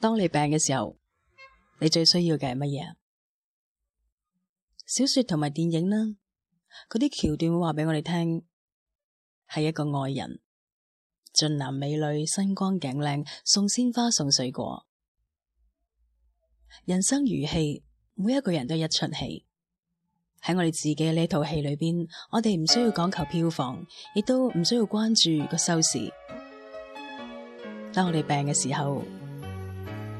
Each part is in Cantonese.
當你病嘅時候，你最需要嘅係乜嘢？小說同埋電影呢，佢啲橋段會話俾我哋聽，係一個愛人俊男美女，身光頸靚，送鮮花送水果。人生如戲，每一個人都一出戲。喺我哋自己呢套戲裏邊，我哋唔需要講求票房，亦都唔需要關注個收視。當我哋病嘅時候。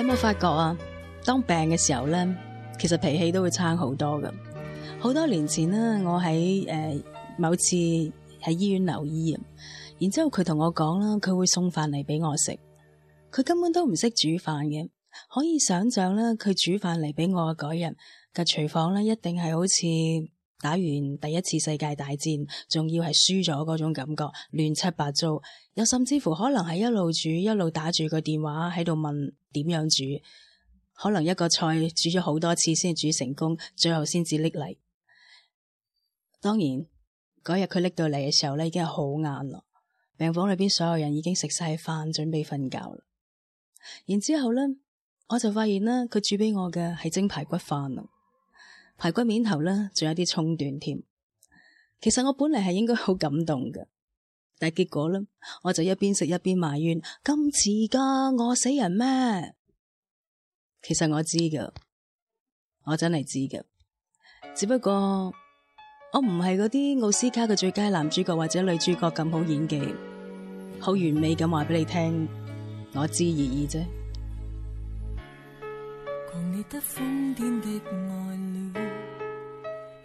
你有冇發覺啊？當病嘅時候咧，其實脾氣都會差好多嘅。好多年前啦，我喺誒、呃、某次喺醫院留醫，然之後佢同我講啦，佢會送飯嚟俾我食。佢根本都唔識煮飯嘅，可以想象啦，佢煮飯嚟俾我嗰日嘅廚房咧，一定係好似～打完第一次世界大戰，仲要係輸咗嗰種感覺，亂七八糟。又甚至乎可能係一路煮，一路打住個電話喺度問點樣煮。可能一個菜煮咗好多次先煮成功，最後先至拎嚟。當然嗰日佢拎到嚟嘅時候咧，已經係好晏啦。病房裏邊所有人已經食晒飯，準備瞓覺啦。然之後呢，我就發現呢，佢煮俾我嘅係蒸排骨飯啊。排骨麵頭呢，仲有啲蔥段添。其實我本嚟係應該好感動噶，但係結果呢，我就一邊食一邊埋怨：咁遲噶餓死人咩？其實我知噶，我真係知噶，只不過我唔係嗰啲奧斯卡嘅最佳男主角或者女主角咁好演技，好完美咁話俾你聽，我知而已啫。狂烈得瘋癲嘅愛戀。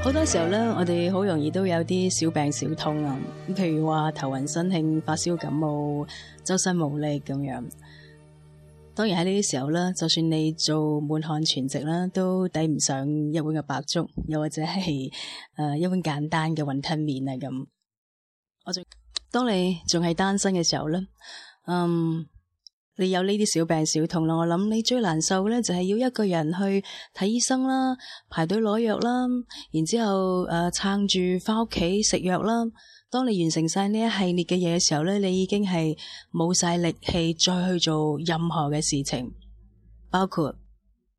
好多時候咧，我哋好容易都有啲小病小痛啊，譬如話頭暈身㷫、發燒感冒、周身冇力咁樣。當然喺呢啲時候咧，就算你做滿漢全席啦，都抵唔上一碗嘅白粥，又或者係誒、呃、一碗簡單嘅雲吞麵啊咁。我仲當你仲係單身嘅時候咧，嗯。你有呢啲小病小痛啦，我諗你最難受咧就係要一個人去睇醫生啦，排隊攞藥啦，然之後誒撐住返屋企食藥啦。當你完成晒呢一系列嘅嘢嘅時候咧，你已經係冇晒力氣再去做任何嘅事情，包括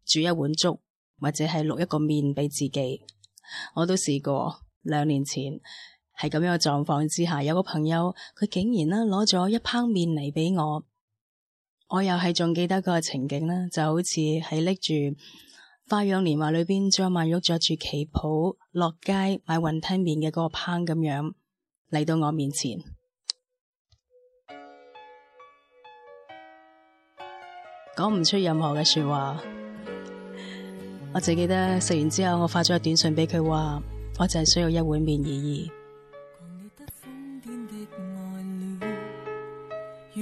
煮一碗粥或者係落一個麵俾自己。我都試過兩年前喺咁樣嘅狀況之下，有個朋友佢竟然咧攞咗一烹麵嚟俾我。我又係仲記得個情景啦，就好似喺拎住《花樣年華》裏邊張曼玉着住旗袍落街買雲吞麵嘅嗰個烹咁樣嚟到我面前，講唔出任何嘅說話，我淨記得食完之後我發咗個短信俾佢話，我淨係需要一碗麵而已。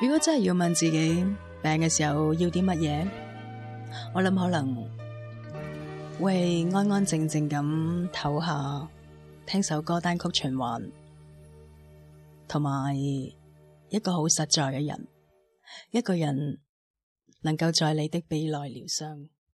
如果真係要問自己病嘅時候要啲乜嘢，我諗可能會安安靜靜咁唞下，聽首歌單曲循環，同埋一個好實在嘅人，一個人能夠在你的臂內療傷。